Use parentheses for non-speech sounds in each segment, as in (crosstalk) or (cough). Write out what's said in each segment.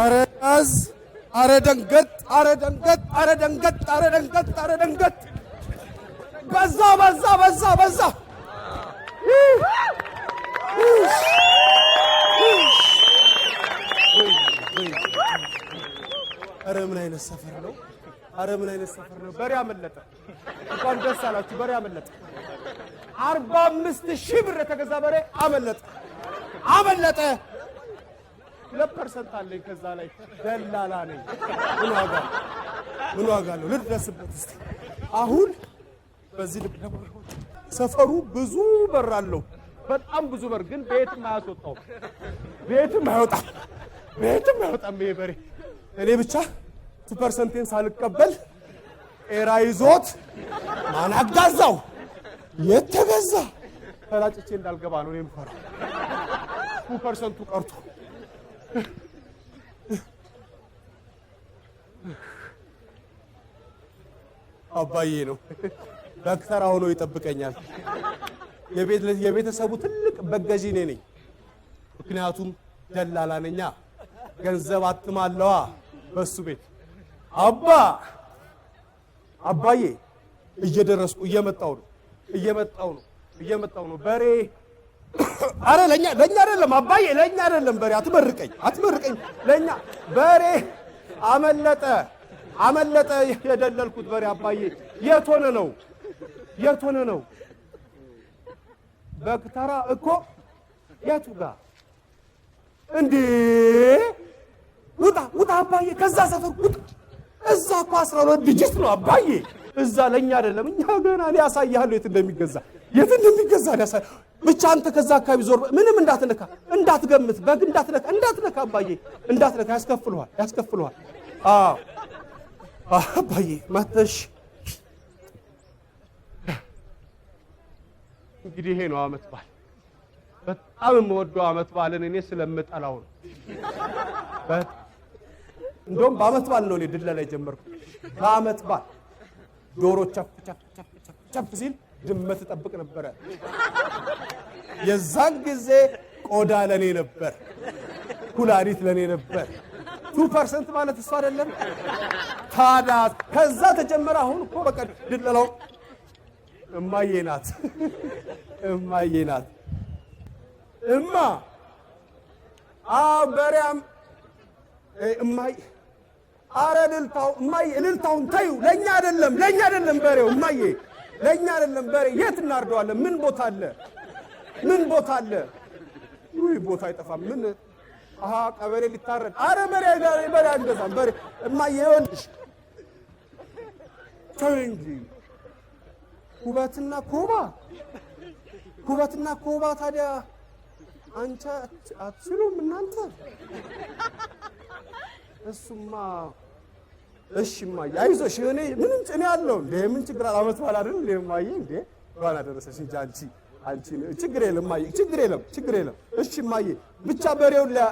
አረ ያዝ፣ አረ ደንገጥ፣ አረ ደንገጥ፣ አረ ደንገጥ፣ አረ ደንገጥ፣ አረ ደንገጥ። በዛ በዛ በዛ በዛ አረ ምን አይነት ሰፈር ነው? አረ ምን አይነት ሰፈር ነው? በሬ አመለጠ። እንኳን ደስ አላችሁ። በሬ አመለጠ። አርባ አምስት ሺህ ብር የተገዛ በሬ አመለጠ አመለጠ። ሁለት ፐርሰንት አለኝ ከዛ ላይ ደላላ ነኝ። ምን ዋጋ ምን ዋጋ አለው? ልድረስበት እስቲ አሁን በዚህ ልብ ደግሞ ሰፈሩ ብዙ በር አለው፣ በጣም ብዙ በር ግን ቤትም አያስወጣውም። ቤትም አይወጣም፣ ቤትም አይወጣም ይሄ በሬ። እኔ ብቻ ቱ ፐርሰንቴን ሳልቀበል ኤራ ይዞት ማን አጋዛው የተገዛ ተላጭቼ እንዳልገባ ነው እኔ የምፈራው ቱ ፐርሰንቱ ቀርቶ አባዬ ነው። በክተራ ሆኖ ይጠብቀኛል። የቤተሰቡ ትልቅ በገዢ እኔ ነኝ። ምክንያቱም ደላላ ነኛ፣ ገንዘብ አትማለዋ በሱ ቤት። አባ አባዬ፣ እየደረስኩ እየመጣው ነው፣ እየመጣው ነው፣ እየመጣው ነው በሬ አረ ለኛ ለኛ አይደለም አባዬ ለኛ አይደለም በሬ አትመርቀኝ አትመርቀኝ ለኛ በሬ አመለጠ አመለጠ የደለልኩት በሬ አባዬ የት ሆነ ነው የት ሆነ ነው በክተራ እኮ የቱ ጋር እንዴ ውጣ ውጣ አባዬ ከዛ ሰፈር ውጣ እዛ እኮ አስራ ሁለት ድጅት ነው አባዬ እዛ ለኛ አይደለም እኛ ገና እኔ ያሳያለሁ የት እንደሚገዛ የት እንደሚገዛ ብቻ አንተ ከዛ አካባቢ ዞር፣ ምንም እንዳትነካ፣ እንዳትገምት፣ በግ እንዳትነካ፣ እንዳትነካ አባዬ፣ እንዳትነካ። ያስከፍልሃል፣ ያስከፍልሃል። አባዬ መተሽ እንግዲህ ይሄ ነው ዓመት በዓል። በጣም የምወደው ዓመት በዓልን እኔ ስለምጠላው ነው። እንደውም በዓመት በዓል ነው እኔ ድለላ ጀመርኩ በአመት በዓል ዶሮ ቸፍ ቸፍ ቸፍ ሲል ድመት እጠብቅ ነበረ። የዛን ጊዜ ቆዳ ለኔ ነበር፣ ኩላሊት ለኔ ነበር። ቱ ፐርሰንት ማለት እሱ አይደለም ታዳ። ከዛ ተጀመረ። አሁን እኮ በቃ ድለለው እማዬ ናት፣ እማዬ ናት። እማ አዎ፣ በሪያም እማይ አረ እልልታው እማዬ፣ እልልታውን ተዩ። ለእኛ አይደለም፣ ለእኛ አይደለም በሬው እማዬ ለእኛ አይደለም። በሬ የት እናርደዋለን? ምን ቦታ አለ? ምን ቦታ አለ? ይህ ቦታ አይጠፋም። ምን አሀ ቀበሌ ሊታረድ አረ በሬ በሬ አንገዛም። በሬ እማዬ ይኸውልሽ ተይ እንጂ ኩበትና ኮባ ኩበትና ኮባ ታዲያ አንቺ አትችሉም እናንተ እሱማ እሺ እማዬ አይዞሽ፣ እኔ ምንም ጭኔ አለው እንዴ ምን ችግር አለ። አመት በዓል አይደል እንዴ እማዬ? እንዴ እንኳን አደረሰሽ እንጂ አንቺ አንቺ ችግር የለም እማዬ፣ ችግር የለም፣ ችግር የለም። እሺ እማዬ፣ ብቻ በሬውን ላይ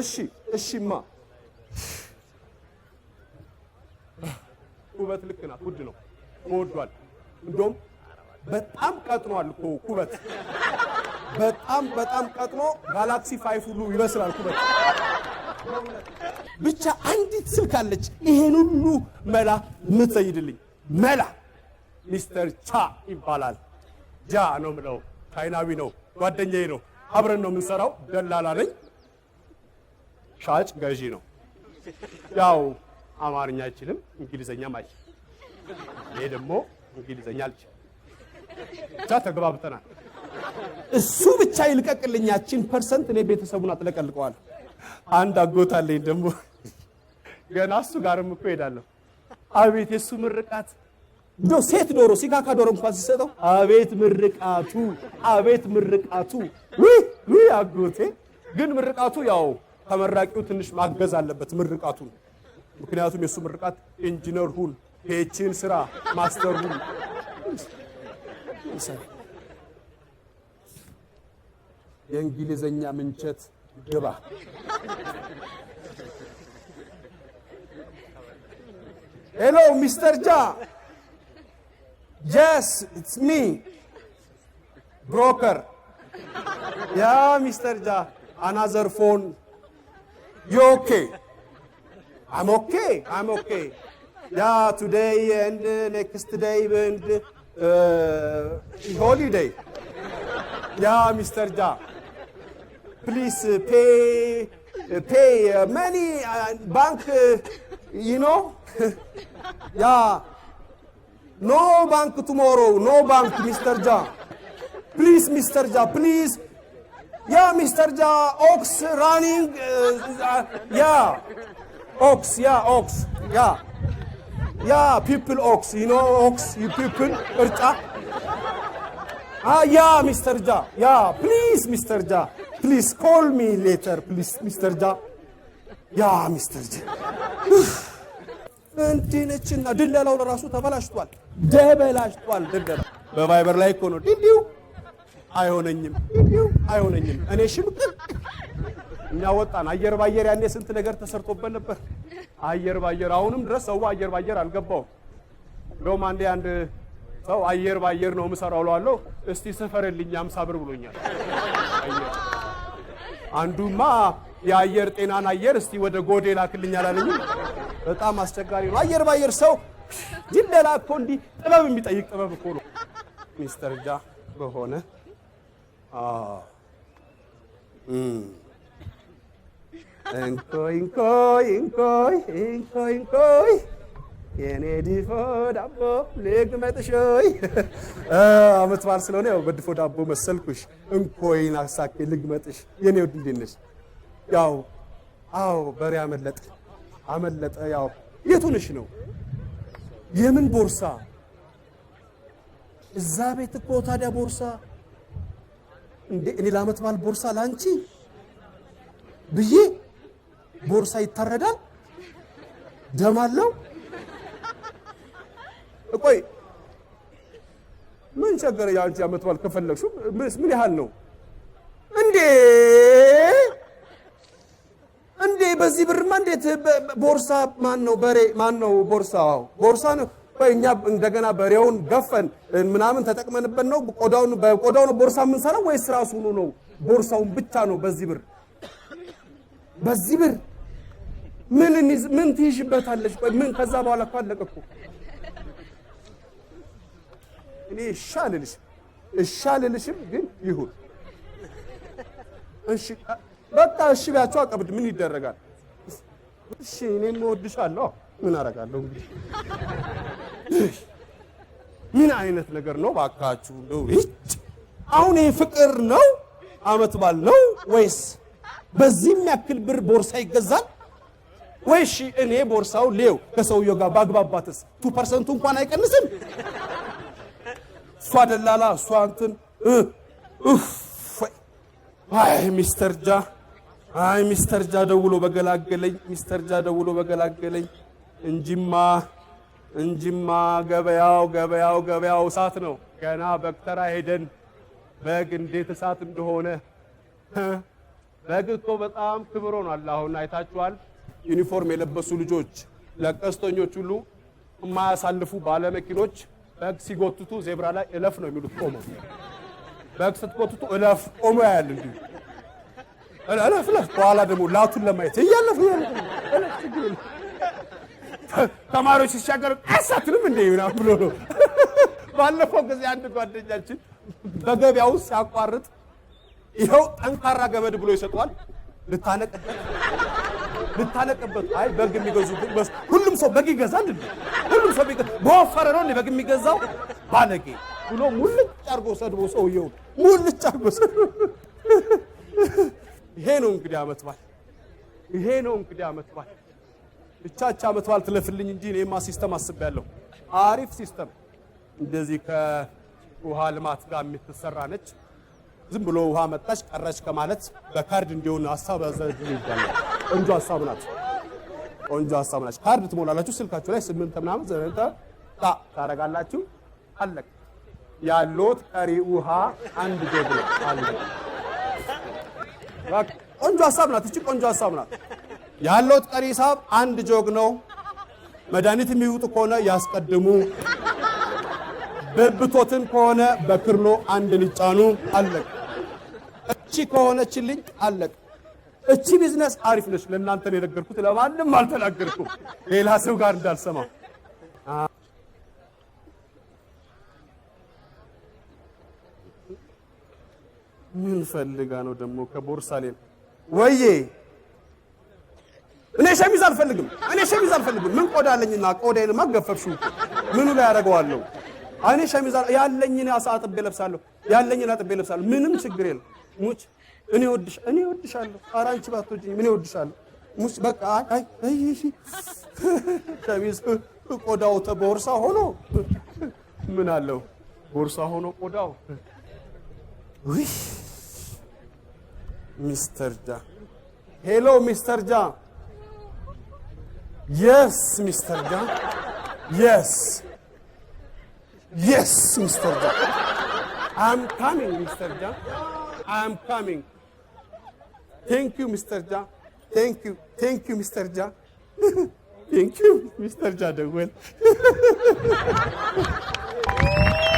እሺ፣ እሺማ። ኩበት ልክ ናት፣ ውድ ነው ወዷል። እንደውም በጣም ቀጥኗል እኮ ኩበት፣ በጣም በጣም ቀጥኖ ጋላክሲ ፋይፍ ሁሉ ይመስላል ኩበት ብቻ አንዲት ስልክ አለች፣ ይሄን ሁሉ መላ የምትሰይድልኝ መላ። ሚስተር ቻ ይባላል። ጃ ነው ምለው። ቻይናዊ ነው፣ ጓደኛዬ ነው። አብረን ነው የምንሰራው። ደላላ ነኝ፣ ሻጭ ገዢ ነው። ያው አማርኛ አይችልም፣ እንግሊዘኛም አይችልም። ይሄ ደግሞ እንግሊዘኛ አልችልም። ብቻ ተግባብተናል። እሱ ብቻ ይልቀቅልኛችን ፐርሰንት እኔ ቤተሰቡን አጥለቀልቀዋል። አንድ አጎታለኝ ደግሞ ገና እሱ ጋርም እኮ ሄዳለሁ። አቤት የሱ ምርቃት እንደው ሴት ዶሮ ሲካካ ዶሮ እንኳን ሲሰጠው አቤት ምርቃቱ፣ አቤት ምርቃቱ። ውይ ውይ አጎቴ ግን ምርቃቱ ያው ተመራቂው ትንሽ ማገዝ አለበት ምርቃቱ። ምክንያቱም የሱ ምርቃት ኢንጂነር ሁን፣ ፔችን ስራ፣ ማስተር ሁን። የእንግሊዘኛ ምንቸት ግባ Hello, Mr. Ja. Yes, it's me. Broker. Yeah, Mr. Ja. Another phone. You okay? I'm okay. I'm okay. Yeah, today and uh, next day and uh, uh holiday. Yeah, Mr. Ja. Please uh, pay uh, pay uh, money uh, bank. Uh, you know? (laughs) yeah. No bank tomorrow. No bank, Mr. Ja. Please, Mr. Ja, please. Yeah, Mr. Ja, ox running. Uh, uh, yeah. Ox, yeah, ox. Yeah. Yeah, people ox. You know, ox, you people. Ah, yeah, Mr. Ja. Yeah, please, Mr. Ja. Please call me later, please, Mr. Ja. ያ ሚስተር ጄ እንዲህ ነችና ድለላው ለራሱ ተበላሽቷል፣ ደበላሽቷል። ድለላ በቫይበር ላይ እኮ ነው። እንዲሁ አይሆነኝም፣ እንዲሁ አይሆነኝም። እኔ ሽምቅቅ እኛ ወጣን። አየር ባየር ያኔ ስንት ነገር ተሰርቶበት ነበር። አየር ባየር አሁንም ድረስ ሰው አየር ባየር አልገባውም። እንደውም አንዴ አንድ ሰው አየር ባየር ነው የምሰራው እለዋለሁ። እስቲ ስፈርልኝ አምሳ ብር ብሎኛል። አንዱማ የአየር ጤናን አየር እስቲ ወደ ጎዴ ላክልኝ አላለኝ። በጣም አስቸጋሪ ነው። አየር ባየር ሰው ጅለላ እኮ እንዲህ ጥበብ የሚጠይቅ ጥበብ እኮ ነው። ሚስተር ጃ በሆነ እንኮይ እንኮይ እንኮይ እንኮይ እንኮይ የኔ ድፎ ዳቦ አመት በዓል ስለሆነ ያው በድፎ ዳቦ መሰልኩሽ። እንኮይን አሳኬ የኔ ውድ እንዴት ነሽ? ያው አዎ በሬ አመለጠ አመለጠ። ያው የቱንሽ ነው የምን ቦርሳ? እዛ ቤት እኮ ታዲያ ቦርሳ እንዴ! እኔ ለዓመት በዓል ቦርሳ ላንቺ ብዬ ቦርሳ ይታረዳል? ደም አለው? እቆይ ምን ቸገረ? የአንቺ ዓመት በዓል ምን ያህል ነው እንዴ? በዚህ ብርማ እንዴት ቦርሳ ማን ነው በሬ ማን ነው ቦርሳ? ቦርሳ ነው። እኛ እንደገና በሬውን ገፈን ምናምን ተጠቅመንበት ነው ቆዳውን በቆዳው ነው ቦርሳ የምንሰራው ወይስ ራሱኑ ነው? ቦርሳውን ብቻ ነው በዚህ ብር በዚህ ብር ምን ምን ትይዥበታለች? ምን ከዛ በኋላ አለቀ እኮ እኔ እሺ አልልሽም፣ ግን ይሁን። እሺ በቃ እሺ ቢያቸው አቀብድ ምን ይደረጋል? እሺ እኔም እወድሻለሁ። ምን አደርጋለሁ እንግዲህ። ምን አይነት ነገር ነው ባካችሁ? እንደው አሁን ይህ ፍቅር ነው አመት ባል ነው ወይስ በዚህም ያክል ብር ቦርሳ ይገዛል ወይ? እሺ እኔ ቦርሳው ሌው ከሰውየው ጋር ባግባባትስ ቱ ፐርሰንቱ እንኳን አይቀንስም። እሷ ደላላ እሷ እንትን አይ ሚስተር ጃ አይ ሚስተር ጃ ደውሎ በገላገለኝ ሚስተር ጃ ደውሎ በገላገለኝ እንጂማ እንጂማ ገበያው ገበያው ገበያው እሳት ነው። ገና በክተራ ሄደን በግ እንዴት እሳት እንደሆነ በግ እኮ በጣም ክብሮ ነው አለ። አሁን አይታችኋል። ዩኒፎርም የለበሱ ልጆች ለቀስተኞች ሁሉ የማያሳልፉ ባለመኪኖች በግ ሲጎትቱ ዜብራ ላይ እለፍ ነው የሚሉት። ቆመ በግ ስትጎትቱ እለፍ ቆመ ያል እንዲሁ እለፍ እለፍ። በኋላ ደግሞ ላቱን ለማየት እያለፍ ተማሪዎች ሲሻገር አሳትንም እንደ ብሎ ነው። ባለፈው ጊዜ አንድ ጓደኛችን ሲያቋርጥ ይኸው ጠንካራ ገመድ ብሎ ይሰጠዋል። አይ በግ የሚገዙ ሁሉም ሰው በግ ይገዛል ሁሉም ሰው በወፈረ ነው በግ የሚገዛው? ባለጌ ብሎ ሙልጭ ሰድቦ ሰውየው ሙልጭ ሰድቦ ይሄ ነው እንግዲህ ዓመት በዓል ይሄ ነው እንግዲህ ዓመት በዓል ብቻች ዓመት በዓል ትለፍልኝ እንጂ እኔማ ሲስተም አስቤያለሁ። አሪፍ ሲስተም እንደዚህ ከውሃ ልማት ጋር የምትሰራ ነች። ዝም ብሎ ውሃ መጣች ቀረች ከማለት በካርድ እንዲሆን ሀሳብ ያዘጋጁ ይባላል። ቆንጆ ሀሳብ ናት። ቆንጆ ሀሳብ ናት። ካርድ ትሞላላችሁ። ስልካችሁ ላይ ስምንት ምናምን ዘንተ ጣ ታረጋላችሁ። አለቅ ያሎት ቀሪ ውሃ አንድ ጎድሎ አለ። ቆንጆ ሀሳብ ናት። እቺ ቆንጆ ሀሳብ ናት። ያለውት ቀሪ ሂሳብ አንድ ጆግ ነው። መድኃኒት የሚውጡ ከሆነ ያስቀድሙ። በብቶትም ከሆነ በክርሎ አንድ ሊጫኑ። አለቅ እቺ ከሆነችልኝ አለቅ። እቺ ቢዝነስ አሪፍ ነች። ለእናንተ የነገርኩት ለማንም አልተናገርኩም፣ ሌላ ሰው ጋር እንዳልሰማ ምን ፈልጋ ነው ደግሞ ከቦርሳሌም ወዬ? እኔ ሸሚዝ አልፈልግም፣ እኔ ሸሚዝ አልፈልግም። ምን ቆዳ አለኝና ቆዳዬን ገፈፍሽው። ምኑ ላይ አደርገዋለሁ? እኔ ሸሚዝ ያለኝን አጥቤ ለብሳለሁ፣ ያለኝን አጥቤ ለብሳለሁ። ምንም ችግር የለም። ሙች እኔ ወድሽ እኔ ወድሻለሁ። ኧረ አንቺ ባትወጂኝ እኔ ወድሻለሁ። ሙች በቃ አይ አይ ሸሚዝ ቆዳው ተቦርሳ ሆኖ ምን አለው? ቦርሳ ሆኖ ቆዳው ውይ Mr. Ja. Hello, Mr. Ja. Yes, Mr. Ja. Yes. Yes, Mr. Ja. I'm coming, Mr. Ja. I'm coming. Thank you, Mr. Ja. Thank you. Thank you, Mr. Ja. (laughs) Thank you, Mr. Ja. (laughs)